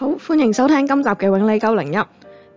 好，歡迎收聽今集嘅《永理九零一》。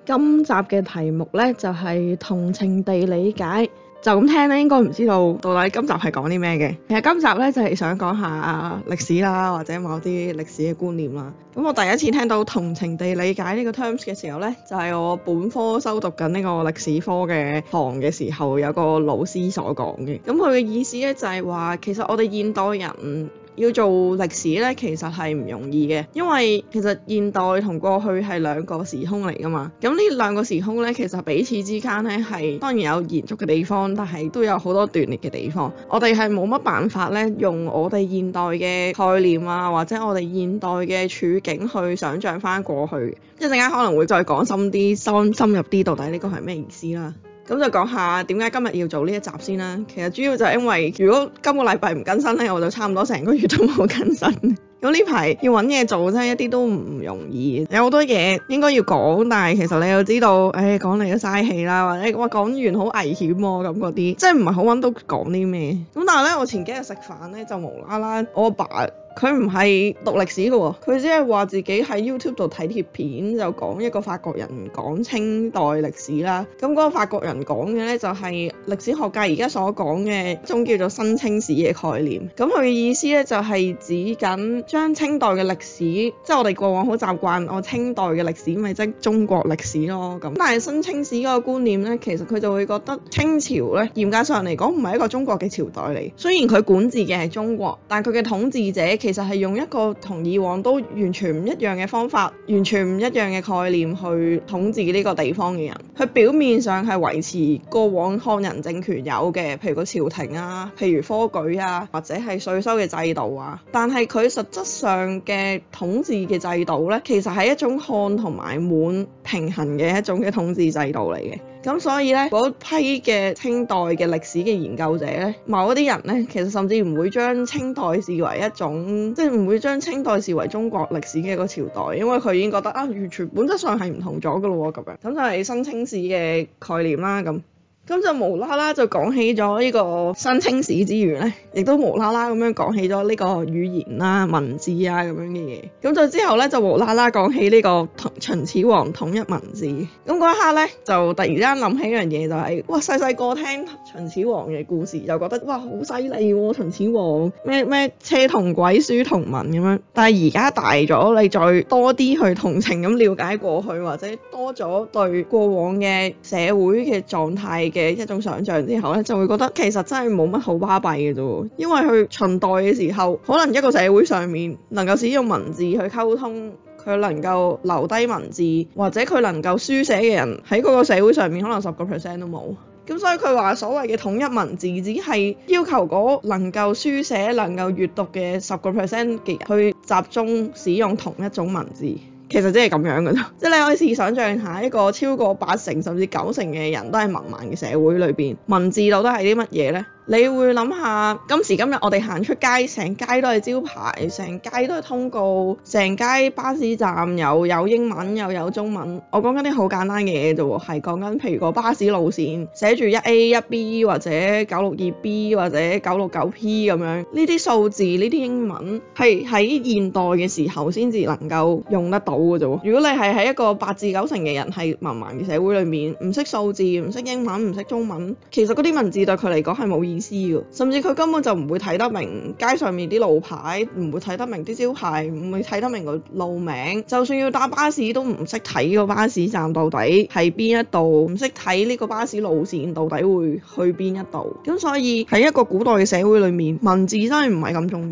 今集嘅題目呢，就係、是、同情地理解，就咁聽呢應該唔知道到底今集係講啲咩嘅。其實今集呢，就係、是、想講下歷史啦，或者某啲歷史嘅觀念啦。咁我第一次聽到同情地理解呢、這個 terms 嘅時候呢，就係、是、我本科修讀緊呢個歷史科嘅堂嘅時候，有個老師所講嘅。咁佢嘅意思呢，就係、是、話，其實我哋現代人。要做歷史呢，其實係唔容易嘅，因為其實現代同過去係兩個時空嚟㗎嘛。咁呢兩個時空呢，其實彼此之間呢，係當然有延續嘅地方，但係都有好多斷裂嘅地方。我哋係冇乜辦法呢，用我哋現代嘅概念啊，或者我哋現代嘅處境去想像返過去。一陣間可能會再講深啲、深深入啲，到底呢個係咩意思啦。咁就講下點解今日要做呢一集先啦。其實主要就係因為如果今個禮拜唔更新咧，我就差唔多成個月都冇更新。咁呢排要揾嘢做真係一啲都唔容易。有好多嘢應該要講，但係其實你又知道，誒講嚟都嘥氣啦，或者我講完好危險喎、啊，咁嗰啲即係唔係好揾到講啲咩。咁但係咧，我前幾日食飯咧就無啦啦，我阿爸，爸。佢唔係讀歷史嘅喎，佢只係話自己喺 YouTube 度睇貼片，就講一個法國人講清代歷史啦。咁、那、嗰個法國人講嘅咧就係歷史學界而家所講嘅一種叫做新清史嘅概念。咁佢嘅意思咧就係指緊將清代嘅歷史，即係我哋過往好習慣，我清代嘅歷史咪即、就是、中國歷史咯。咁但係新清史嗰個觀念咧，其實佢就會覺得清朝咧嚴格上嚟講唔係一個中國嘅朝代嚟，雖然佢管治嘅係中國，但佢嘅統治者，其實係用一個同以往都完全唔一樣嘅方法，完全唔一樣嘅概念去統治呢個地方嘅人。佢表面上係維持過往漢人政權有嘅，譬如個朝廷啊，譬如科舉啊，或者係稅收嘅制度啊。但係佢實質上嘅統治嘅制度呢，其實係一種漢同埋滿平衡嘅一種嘅統治制度嚟嘅。咁所以呢，嗰批嘅清代嘅歷史嘅研究者呢，某一啲人呢，其實甚至唔會將清代視為一種，即係唔會將清代視為中國歷史嘅一個朝代，因為佢已經覺得啊，完全本質上係唔同咗㗎咯咁樣，咁就係新清史嘅概念啦咁。咁就無啦啦就講起咗呢個新清史之餘呢，亦都無啦啦咁樣講起咗呢個語言啦、文字啊咁樣嘅嘢。咁再之後呢，就無啦啦講起呢個秦始皇統一文字。咁嗰一刻呢，就突然間諗起一樣嘢，就是，就係哇細細個聽秦始皇嘅故事，就覺得哇好犀利喎，秦始皇咩咩車同軌、書同文咁樣。但係而家大咗，你再多啲去同情咁了解過去，或者多咗對過往嘅社會嘅狀態。嘅一種想像之後咧，就會覺得其實真係冇乜好巴閉嘅啫。因為佢秦代嘅時候，可能一個社會上面能夠使用文字去溝通，佢能夠留低文字或者佢能夠書寫嘅人喺嗰個社會上面可能十個 percent 都冇。咁所以佢話所謂嘅統一文字，只係要求嗰能夠書寫、能夠閱讀嘅十個 percent 嘅人去集中使用同一種文字，其實真係咁樣噶啫，即 係你可以試想像下，一個超過八成甚至九成嘅人都係文盲嘅社會裏邊，文字度都係啲乜嘢咧？你會諗下，今時今日我哋行出街，成街都係招牌，成街都係通告，成街巴士站又有，有英文又有，有中文。我講緊啲好簡單嘅嘢啫喎，係講緊譬如個巴士路線寫住一 A 一 B 或者九六二 B 或者九六九 P 咁樣，呢啲數字呢啲英文係喺現代嘅時候先至能夠用得到嘅啫喎。如果你係喺一個八至九成嘅人係文盲嘅社會裏面，唔識數字，唔識英文，唔識中文，其實嗰啲文字對佢嚟講係冇意義。甚至佢根本就唔會睇得明街上面啲路牌，唔會睇得明啲招牌，唔會睇得明個路名。就算要搭巴士都唔識睇個巴士站到底係邊一度，唔識睇呢個巴士路線到底會去邊一度。咁所以喺一個古代嘅社會裏面，文字真係唔係咁重要。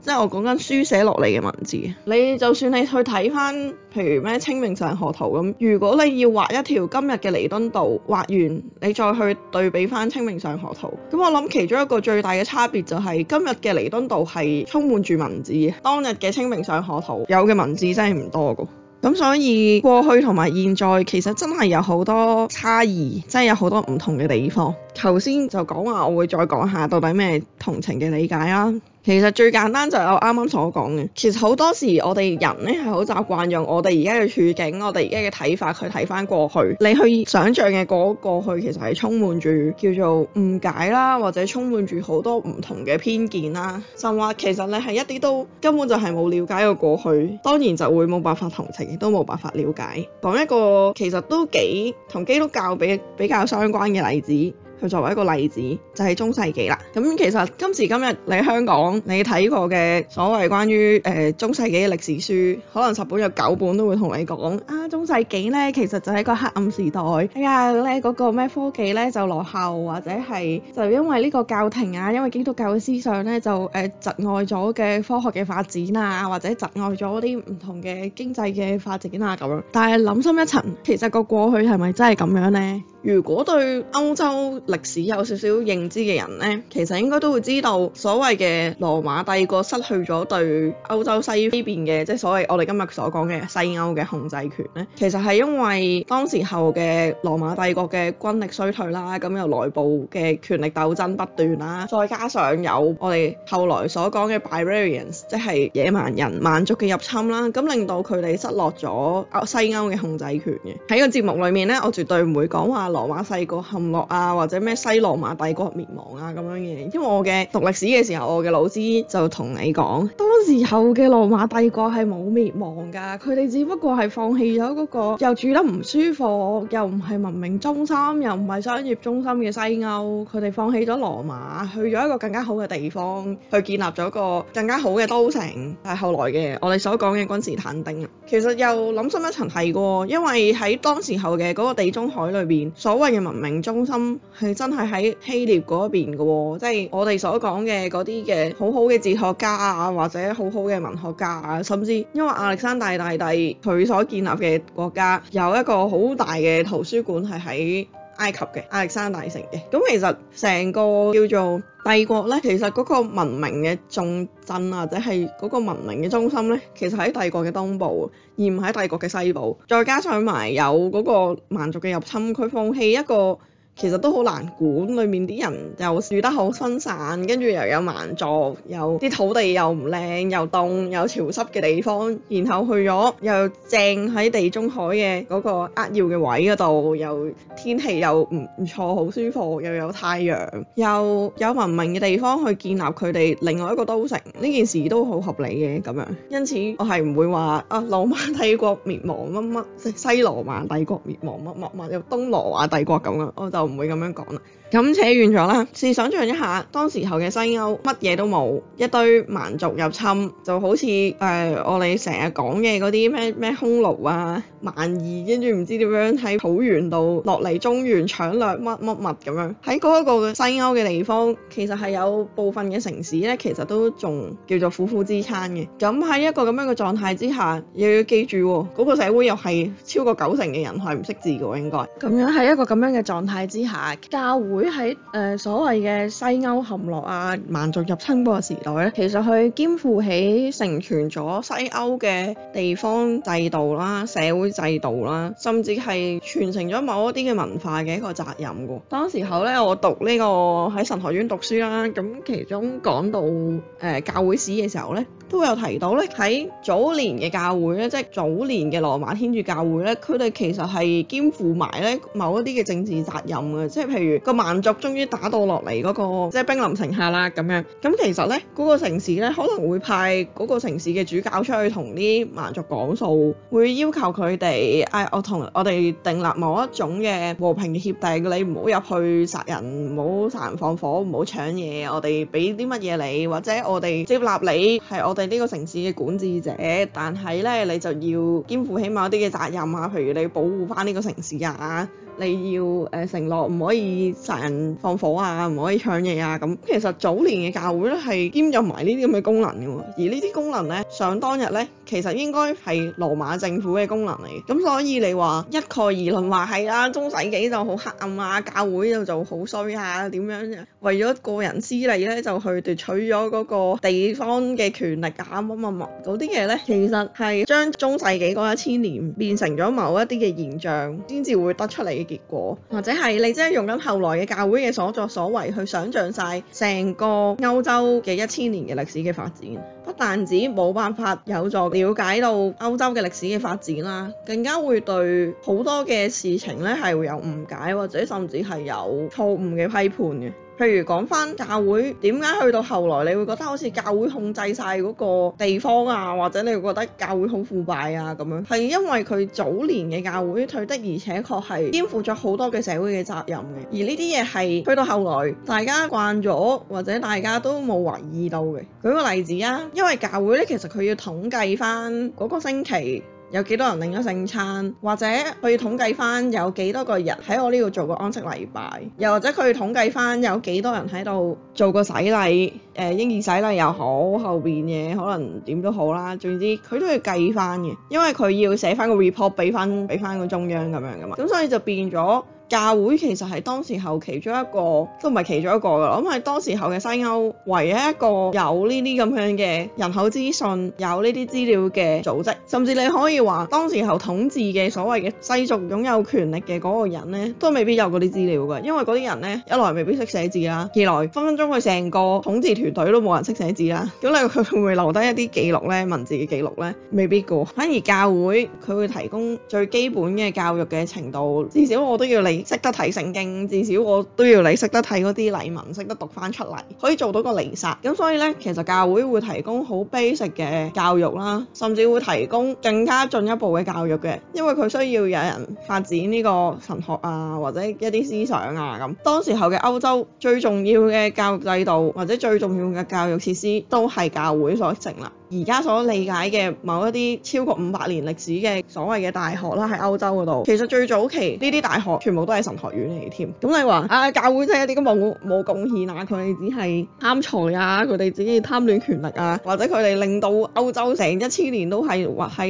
即係我講緊書寫落嚟嘅文字，你就算你去睇翻，譬如咩清明上河圖咁，如果你要畫一條今日嘅彌敦道，畫完你再去對比翻清明上河圖，咁我諗其中一個最大嘅差別就係今日嘅彌敦道係充滿住文字嘅，當日嘅清明上河圖有嘅文字真係唔多噶，咁所以過去同埋現在其實真係有好多差異，真係有好多唔同嘅地方。頭先就講話，我會再講下到底咩同情嘅理解啊。其實最簡單就係我啱啱所講嘅。其實好多時我哋人呢係好習慣用我哋而家嘅處境、我哋而家嘅睇法去睇返過去。你去想像嘅嗰個過去其實係充滿住叫做誤解啦，或者充滿住好多唔同嘅偏見啦。就話其實你係一啲都根本就係冇了解過過去，當然就會冇辦法同情，亦都冇辦法了解。講一個其實都幾同基督教比比較相關嘅例子。佢作為一個例子，就係、是、中世紀啦。咁其實今時今日你香港你睇過嘅所謂關於誒、呃、中世紀嘅歷史書，可能十本有九本都會同你講啊，中世紀咧其實就係一個黑暗時代。哎呀咧，嗰、那個咩科技咧就落後，或者係就因為呢個教廷啊，因為基督教嘅思想咧就誒窒礙咗嘅科學嘅發展啊，或者窒礙咗啲唔同嘅經濟嘅發展啊咁樣。但係諗深一層，其實個過去係咪真係咁樣咧？如果對歐洲歷史有少少認知嘅人呢，其實應該都會知道所謂嘅羅馬帝國失去咗對歐洲西邊嘅，即係所謂我哋今日所講嘅西歐嘅控制權，呢其實係因為當時候嘅羅馬帝國嘅軍力衰退啦，咁又內部嘅權力鬥爭不斷啦，再加上有我哋後來所講嘅 barbarians 即係野蠻人蠻族嘅入侵啦，咁令到佢哋失落咗西歐嘅控制權嘅。喺個節目裏面呢，我絕對唔會講話。羅馬帝國陷落啊，或者咩西羅馬帝國滅亡啊咁樣嘅，因為我嘅讀歷史嘅時候，我嘅老師就同你講，當時候嘅羅馬帝國係冇滅亡㗎，佢哋只不過係放棄咗嗰個又住得唔舒服，又唔係文明中心，又唔係商業中心嘅西歐，佢哋放棄咗羅馬，去咗一個更加好嘅地方，去建立咗個更加好嘅都城，係後來嘅我哋所講嘅君士坦丁，其實又諗深一層係喎，因為喺當時候嘅嗰個地中海裏邊。所謂嘅文明中心係真係喺希臘嗰一邊嘅喎、哦，即係我哋所講嘅嗰啲嘅好好嘅哲學家啊，或者好好嘅文學家啊，甚至因為亞歷山大大帝佢所建立嘅國家有一個好大嘅圖書館係喺埃及嘅亞歷山大城嘅，咁其實成個叫做。帝國呢，其實嗰個文明嘅重鎮或者係嗰個文明嘅中心呢，其實喺帝國嘅東部，而唔喺帝國嘅西部。再加上埋有嗰個蠻族嘅入侵，佢放棄一個。其實都好難管，裏面啲人又住得好分散，跟住又有蠻族，有啲土地又唔靚，又凍，又潮濕嘅地方。然後去咗又正喺地中海嘅嗰個扼要嘅位嗰度，又天氣又唔唔錯，好舒服，又有太陽，又有文明嘅地方去建立佢哋另外一個都城。呢件事都好合理嘅咁樣。因此我係唔會話啊，羅馬帝國滅亡乜乜，西羅馬帝國滅亡乜乜乜，又東羅馬帝國咁樣，我就。我唔會咁樣講啦。咁扯遠咗啦，試想像一下當時候嘅西歐乜嘢都冇，一堆蠻族入侵，就好似誒我哋成日講嘅嗰啲咩咩匈奴啊、蠻夷，跟住唔知點樣喺草原度落嚟中原搶掠乜乜物咁樣。喺嗰一個西歐嘅地方，其實係有部分嘅城市咧，其實都仲叫做苦苦支撐嘅。咁喺一個咁樣嘅狀態之下，又要記住嗰個社會又係超過九成嘅人係唔識字嘅喎，應該。咁樣喺一個咁樣嘅狀態之下，教會。喺誒、呃、所謂嘅西歐陷落啊、蠻族入侵嗰個時代咧，其實佢肩負起成全咗西歐嘅地方制度啦、社會制度啦，甚至係傳承咗某一啲嘅文化嘅一個責任嘅。當時候咧，我讀呢、這個喺神學院讀書啦，咁其中講到誒、呃、教會史嘅時候咧，都有提到咧，喺早年嘅教會咧，即係早年嘅羅馬天主教會咧，佢哋其實係肩負埋咧某一啲嘅政治責任嘅，即係譬如個民族終於打到落嚟嗰個，即係兵臨城下啦咁樣。咁其實呢，嗰、嗰個城市呢可能會派嗰個城市嘅主教出去同啲蠻族講數，會要求佢哋，誒、哎，我同我哋訂立某一種嘅和平協定，你唔好入去殺人，唔好殺人放火，唔好搶嘢，我哋俾啲乜嘢你，或者我哋接納你係我哋呢個城市嘅管治者，但係呢，你就要肩負起某啲嘅責任啊，譬如你保護翻呢個城市啊。你要誒、呃、承諾唔可以殺人放火啊，唔可以搶嘢啊咁。其實早年嘅教會咧係兼有埋呢啲咁嘅功能嘅，而呢啲功能咧想當日咧。其實應該係羅馬政府嘅功能嚟，咁所以你話一概而論，話係啦，中世紀就好黑暗啊，教會就就好衰啊，點樣嘅？為咗個人私利咧，就去奪取咗嗰個地方嘅權力啊，乜乜乜嗰啲嘢呢，其實係將中世紀嗰一千年變成咗某一啲嘅現象，先至會得出嚟嘅結果，或者係你真係用緊後來嘅教會嘅所作所為去想象晒成個歐洲嘅一千年嘅歷史嘅發展，不但止冇辦法有助。了解到歐洲嘅歷史嘅發展啦，更加會對好多嘅事情咧，係會有誤解或者甚至係有錯誤嘅批判嘅。譬如講翻教會點解去到後來，你會覺得好似教會控制晒嗰個地方啊，或者你會覺得教會好腐敗啊咁樣，係因為佢早年嘅教會，佢的而且確係肩負咗好多嘅社會嘅責任嘅。而呢啲嘢係去到後來，大家慣咗，或者大家都冇懷疑到嘅。舉個例子啊，因為教會咧，其實佢要統計翻嗰個星期，有幾多人領咗聖餐，或者佢要統計翻有幾多個人喺我呢度做過安息禮拜，又或者佢要統計翻有幾多人喺度做過洗禮，呃，英語洗禮又好，後面嘅可能點都好啦，總之佢都要計翻嘅，因為佢要寫翻個 report 俾翻個中央咁樣噶嘛，咁所以就變咗。教會其實係當時候其中一個，都唔係其中一個㗎咯。咁係當時候嘅西歐唯一一個有呢啲咁樣嘅人口資訊、有呢啲資料嘅組織。甚至你可以話，當時候統治嘅所謂嘅世俗擁有權力嘅嗰個人呢，都未必有嗰啲資料嘅，因為嗰啲人呢，一來未必識寫字啦，二來分分鐘佢成個統治團隊都冇人識寫字啦。咁你佢會唔會留低一啲記錄呢？文字嘅記錄呢，未必㗎。反而教會佢會提供最基本嘅教育嘅程度，至少我都要理。識得睇聖經，至少我都要你識得睇嗰啲禮文，識得讀翻出嚟，可以做到個彌撒。咁所以咧，其實教會會提供好 basic 嘅教育啦，甚至會提供更加進一步嘅教育嘅，因為佢需要有人發展呢個神學啊，或者一啲思想啊咁。當時候嘅歐洲最重要嘅教育制度或者最重要嘅教育設施都係教會所成立。而家所理解嘅某一啲超過五百年歷史嘅所謂嘅大學啦，喺歐洲嗰度，其實最早期呢啲大學全部都係神學院嚟添。咁你話啊，教會真係一啲都冇冇貢獻啊，佢哋只係貪財啊，佢哋自己貪戀權力啊，或者佢哋令到歐洲成一千年都係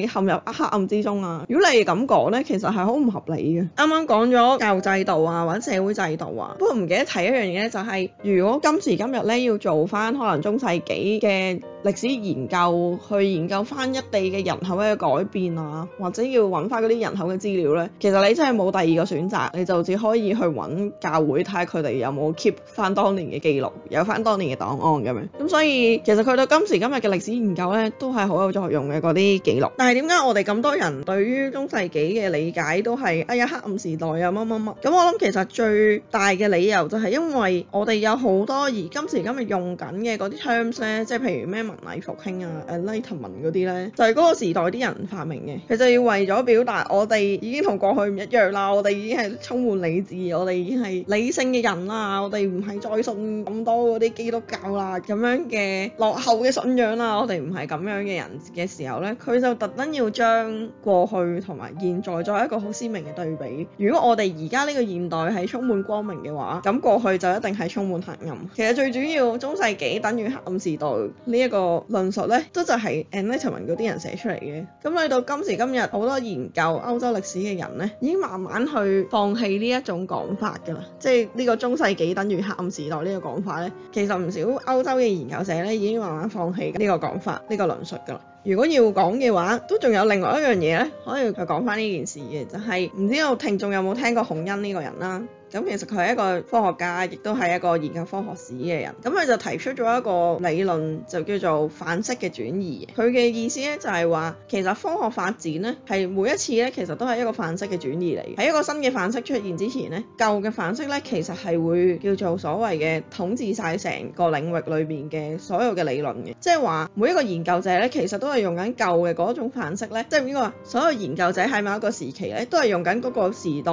陷入黑暗之中啊？如果你咁講呢，其實係好唔合理嘅。啱啱講咗教育制度啊，或者社會制度啊，不過唔記得提一樣嘢就係，如果今時今日咧要做翻可能中世紀嘅歷史研究去研究翻一地嘅人口嘅改變啊，或者要揾翻嗰啲人口嘅資料呢？其實你真係冇第二個選擇，你就只可以去揾教會，睇下佢哋有冇 keep 翻當年嘅記錄，有翻當年嘅檔案咁樣。咁、嗯、所以其實佢對今時今日嘅歷史研究呢，都係好有作用嘅嗰啲記錄。但係點解我哋咁多人對於中世紀嘅理解都係哎呀，黑暗時代啊乜乜乜？咁、嗯、我諗其實最大嘅理由就係因為我哋有好多而今時今日用緊嘅嗰啲 terms 咧，即係譬如咩？文藝復興啊，誒拉丁文嗰啲咧，就係、是、嗰個時代啲人發明嘅。佢就要為咗表達我哋已經同過去唔一樣啦，我哋已經係充滿理智，我哋已經係理性嘅人啦，我哋唔係再信咁多嗰啲基督教啦咁樣嘅落後嘅信仰啦，我哋唔係咁樣嘅人嘅時候咧，佢就特登要將過去同埋現在作為一個好鮮明嘅對比。如果我哋而家呢個現代係充滿光明嘅話，咁過去就一定係充滿黑暗。其實最主要中世紀等於黑暗時代呢、這、一個。個論述咧，都就係 Enlightenment 嗰啲人寫出嚟嘅。咁去到今時今日，好多研究歐洲歷史嘅人咧，已經慢慢去放棄呢一種講法㗎啦。即係呢個中世紀等於黑暗時代個呢個講法咧，其實唔少歐洲嘅研究者咧，已經慢慢放棄呢個講法、呢、這個論述㗎啦。如果要講嘅話，都仲有另外一樣嘢咧，可以去講翻呢件事嘅，就係、是、唔知道聽眾有冇聽過孔恩呢個人啦。咁其實佢係一個科學家，亦都係一個研究科學史嘅人。咁佢就提出咗一個理論，就叫做範式嘅轉移。佢嘅意思咧就係話，其實科學發展咧係每一次咧，其實都係一個範式嘅轉移嚟。喺一個新嘅範式出現之前咧，舊嘅範式咧其實係會叫做所謂嘅統治晒成個領域裏邊嘅所有嘅理論嘅。即係話每一個研究者咧，其實都係用緊舊嘅嗰種範式咧，即係呢個所有研究者喺某一個時期咧，都係用緊嗰個時代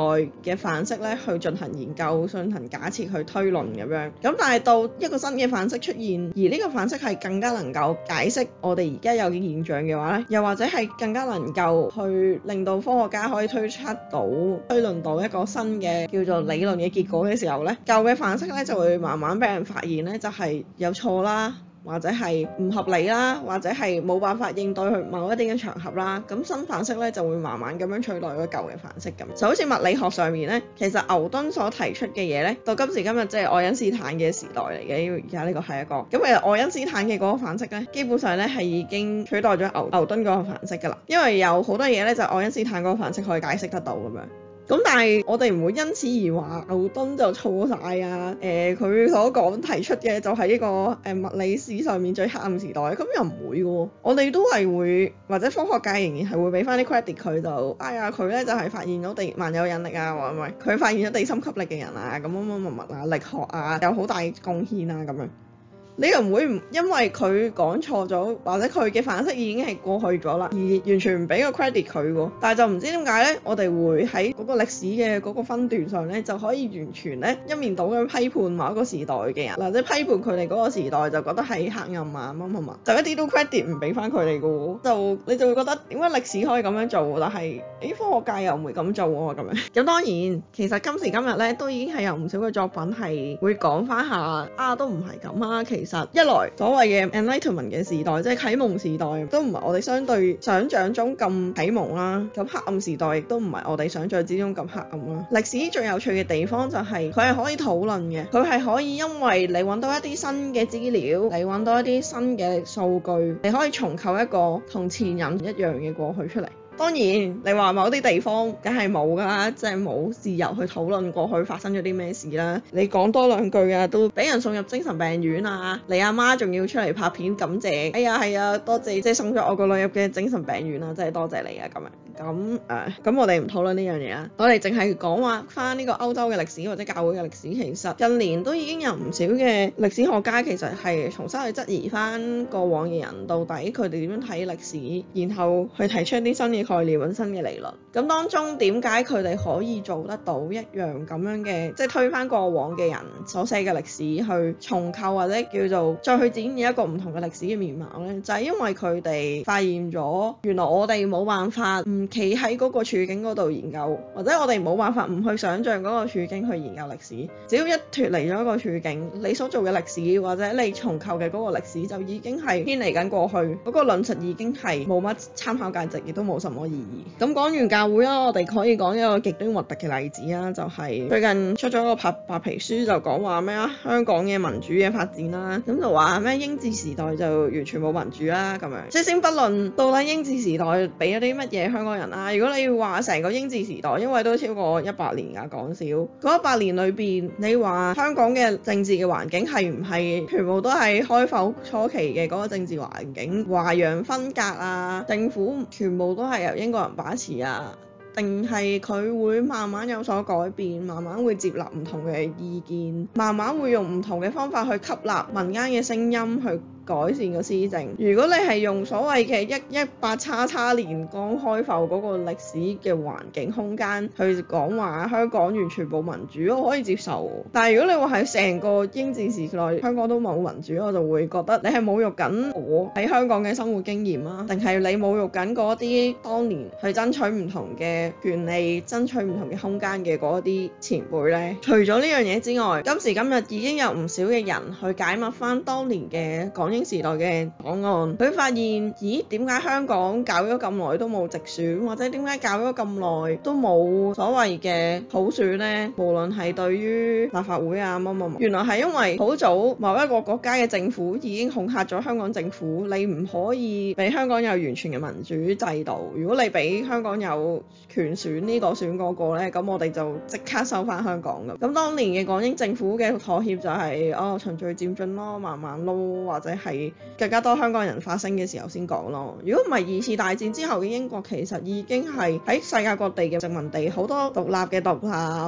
嘅範式咧去進行。研究進行假設去推論咁樣，咁但係到一個新嘅範式出現，而呢個範式係更加能夠解釋我哋而家有嘅現象嘅話呢，又或者係更加能夠去令到科學家可以推測到、推論到一個新嘅叫做理論嘅結果嘅時候呢，舊嘅範式呢就會慢慢俾人發現呢就係有錯啦。或者係唔合理啦，或者係冇辦法應對佢某一啲嘅場合啦。咁新範式咧就會慢慢咁樣取代個舊嘅範式咁。就好似物理學上面呢，其實牛頓所提出嘅嘢咧，到今時今日即係愛因斯坦嘅時代嚟嘅。而家呢個係一個咁，其實愛因斯坦嘅嗰個範式咧，基本上咧係已經取代咗牛牛頓嗰個範式㗎啦。因為有好多嘢咧，就愛因斯坦嗰個範式可以解釋得到咁樣。咁但係我哋唔會因此而話牛頓就錯曬啊！佢、呃、所講提出嘅就係一、呢個、呃、物理史上面最黑暗時代。咁又唔會嘅喎，我哋都係會或者科學界仍然係會俾翻啲 credit 佢就，哎呀佢咧就係發現咗地萬有引力啊，或唔係佢發現咗地心吸力嘅人啊，咁乜乜乜乜啊，力學啊有好大貢獻啊咁樣。你又唔會因為佢講錯咗，或者佢嘅反思已經係過去咗啦，而完全唔俾個 credit 佢喎。但係就唔知點解呢，我哋會喺嗰個歷史嘅嗰個分段上呢，就可以完全呢一面倒咁批判某一個時代嘅人，或者批判佢哋嗰個時代，就覺得係黑暗啊乜乜啊，就一啲都 credit 唔俾翻佢哋嘅喎。就你就會覺得點解歷史可以咁樣做，但係誒科學界又唔會咁做啊咁樣。咁 當然其實今時今日呢，都已經係有唔少嘅作品係會講翻下啊，都唔係咁啊，其一來所謂嘅 enlightenment 嘅時代，即係啟蒙時代，都唔係我哋相對想像中咁啟蒙啦。咁黑暗時代亦都唔係我哋想像之中咁黑暗啦。歷史最有趣嘅地方就係佢係可以討論嘅，佢係可以因為你揾到一啲新嘅資料，你揾到一啲新嘅數據，你可以重構一個同前人一樣嘅過去出嚟。當然，你話某啲地方梗係冇㗎，即係冇自由去討論過去發生咗啲咩事啦。你講多兩句啊，都俾人送入精神病院啊！你阿媽仲要出嚟拍片感謝，哎呀係啊、哎，多謝即係送咗我個女入嘅精神病院啦，真係多謝你啊咁樣。咁、嗯、誒，咁我哋唔討論呢樣嘢啦，我哋淨係講話翻呢個歐洲嘅歷史或者教會嘅歷史。其實近年都已經有唔少嘅歷史學家其實係重新去質疑翻過往嘅人到底佢哋點樣睇歷史，然後去提出一啲新嘅。材料本身嘅理論，咁當中點解佢哋可以做得到一樣咁樣嘅，即係推翻過往嘅人所寫嘅歷史去重構或者叫做再去展現一個唔同嘅歷史嘅面貌呢？就係因為佢哋發現咗，原來我哋冇辦法唔企喺嗰個處境嗰度研究，或者我哋冇辦法唔去想像嗰個處境去研究歷史。只要一脱離咗一個處境，你所做嘅歷史或者你重構嘅嗰個歷史就已經係偏離緊過去，嗰個論述已經係冇乜參考價值，亦都冇什麼。咁講完教會啦，我哋可以講一個極端核突嘅例子啦。就係最近出咗一個白白皮書，就講話咩啊？香港嘅民主嘅發展啦，咁就話咩英治時代就完全冇民主啦咁樣。即先不論到底英治時代俾咗啲乜嘢香港人啦。如果你話成個英治時代，因為都超過一百年㗎，講少嗰一百年裏邊，你話香港嘅政治嘅環境係唔係全部都係開埠初期嘅嗰個政治環境華洋分隔啊，政府全部都係，由英國人把持啊，定係佢會慢慢有所改變，慢慢會接納唔同嘅意見，慢慢會用唔同嘅方法去吸納民間嘅聲音去。改善個施政。如果你係用所謂嘅一一八叉叉年剛開埠嗰個歷史嘅環境空間去講話，香港完全冇民主，我可以接受。但係如果你話喺成個英治時代，香港都冇民主，我就會覺得你係侮辱緊我喺香港嘅生活經驗啊。定係你侮辱緊嗰啲當年去爭取唔同嘅權利、爭取唔同嘅空間嘅嗰啲前輩呢？除咗呢樣嘢之外，今時今日已經有唔少嘅人去解密翻當年嘅港英。時代嘅檔案，佢發現咦，點解香港搞咗咁耐都冇直選，或者點解搞咗咁耐都冇所謂嘅普選呢？無論係對於立法會啊乜乜乜，原來係因為好早某一個國家嘅政府已經恐嚇咗香港政府，你唔可以俾香港有完全嘅民主制度。如果你俾香港有權選呢個選嗰個呢，咁我哋就即刻收返香港㗎。咁當年嘅港英政府嘅妥協就係、是、哦循序漸進咯，慢慢撈或者係。係更加多香港人發聲嘅時候先講咯。如果唔係二次大戰之後嘅英國其實已經係喺世界各地嘅殖民地好多獨立嘅獨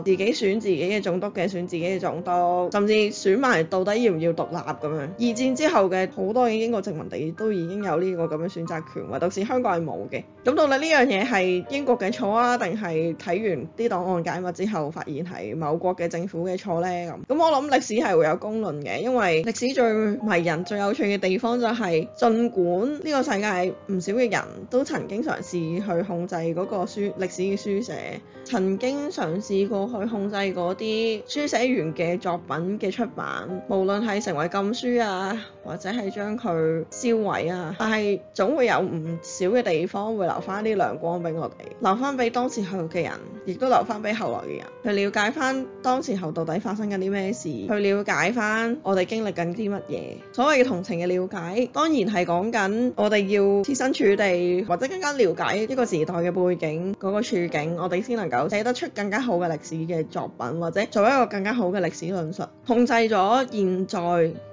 立，自己選自己嘅總督嘅選自己嘅總督，甚至選埋到底要唔要獨立咁樣，二戰之後嘅好多嘅英國殖民地都已經有呢個咁嘅選擇權，唯獨是香港係冇嘅。咁到底呢樣嘢係英國嘅錯啊，定係睇完啲檔案解密之後發現係某國嘅政府嘅錯咧咁？咁我諗歷史係會有公論嘅，因為歷史最迷人、最有佢嘅地方就係、是、儘管呢個世界唔少嘅人都曾經嘗試去控制嗰個書歷史嘅書寫曾經嘗試過去控制嗰啲書寫員嘅作品嘅出版，無論係成為禁書啊，或者係將佢銷毀啊，但係總會有唔少嘅地方會留翻啲亮光俾我哋，留翻俾當時候嘅人，亦都留翻俾後來嘅人去了解翻當時候到底發生緊啲咩事，去了解翻我哋經歷緊啲乜嘢，所謂嘅同嘅瞭解，當然係講緊我哋要設身處地，或者更加了解呢個時代嘅背景嗰個處境，我哋先能夠寫得出更加好嘅歷史嘅作品，或者做一個更加好嘅歷史論述。控制咗現在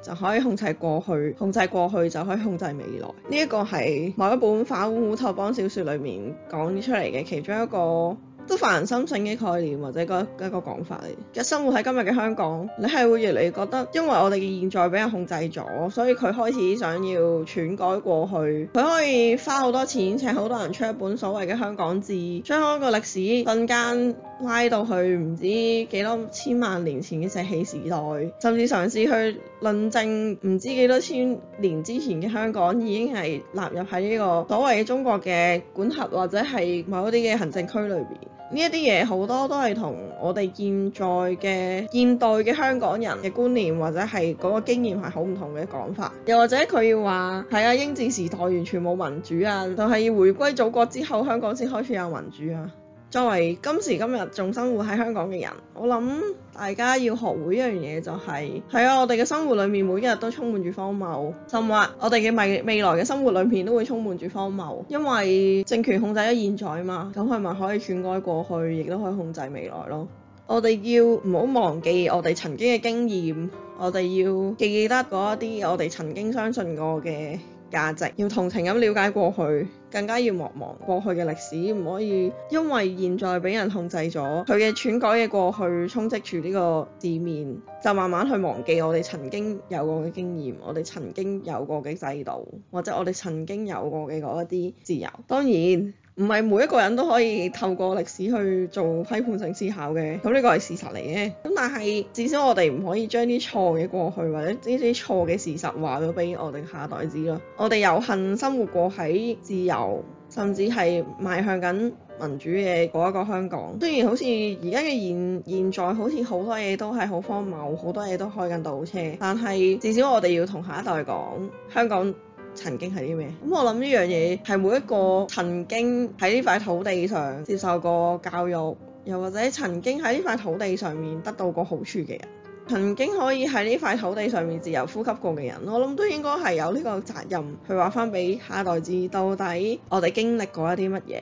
就可以控制過去，控制過去就可以控制未來。呢一個係某一本反烏托邦小説裡面講出嚟嘅其中一個。都煩人心性嘅概念或者嗰一個講法嘅。嘅生活喺今日嘅香港，你係會越嚟越覺得，因為我哋嘅現在俾人控制咗，所以佢開始想要篡改過去。佢可以花好多錢請好多人出一本所謂嘅《香港志》，將嗰個歷史瞬間拉到去唔知幾多千萬年前嘅石器時代，甚至嘗試去論證唔知幾多千年之前嘅香港已經係納入喺呢個所謂嘅中國嘅管轄或者係某一啲嘅行政區裏邊。呢一啲嘢好多都係同我哋現在嘅現代嘅香港人嘅觀念或者係嗰個經驗，係好唔同嘅講法。又或者佢要話係啊，英治時代完全冇民主啊，就係要回歸祖國之後香港先開始有民主啊。作為今時今日仲生活喺香港嘅人，我諗大家要學會一樣嘢就係、是，係啊，我哋嘅生活裡面每一日都充滿住荒謬、甚或，我哋嘅未未來嘅生活裡面都會充滿住荒謬，因為政權控制咗現在嘛，咁係咪可以篡改過去，亦都可以控制未來咯。我哋要唔好忘記我哋曾經嘅經驗，我哋要記得嗰一啲我哋曾經相信過嘅。價值要同情咁了解過去，更加要莫忘過去嘅歷史，唔可以因為現在俾人控制咗，佢嘅篡改嘅過去充斥住呢個字面，就慢慢去忘記我哋曾經有過嘅經驗，我哋曾經有過嘅制度，或者我哋曾經有過嘅嗰一啲自由。當然。唔係每一個人都可以透過歷史去做批判性思考嘅，咁呢個係事實嚟嘅。咁但係至少我哋唔可以將啲錯嘅過去或者呢啲錯嘅事實話咗俾我哋下一代知咯。我哋有幸生活過喺自由，甚至係邁向緊民主嘅嗰一個香港。雖然好似而家嘅現在現，現在好似好多嘢都係好荒謬，好多嘢都開緊倒車，但係至少我哋要同下一代講香港曾經係啲咩？咁我諗呢樣嘢係每一個曾經喺呢塊土地上接受過教育，又或者曾經喺呢塊土地上面得到過好處嘅人，曾經可以喺呢塊土地上面自由呼吸過嘅人，我諗都應該係有呢個責任去話翻俾下一代知到底我哋經歷過一啲乜嘢，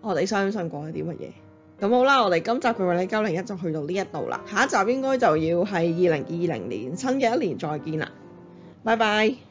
我哋相信過一啲乜嘢。咁好啦，我哋今集嘅永利901就去到呢一度啦，下一集應該就要係二零二零年新嘅一年再見啦，拜拜。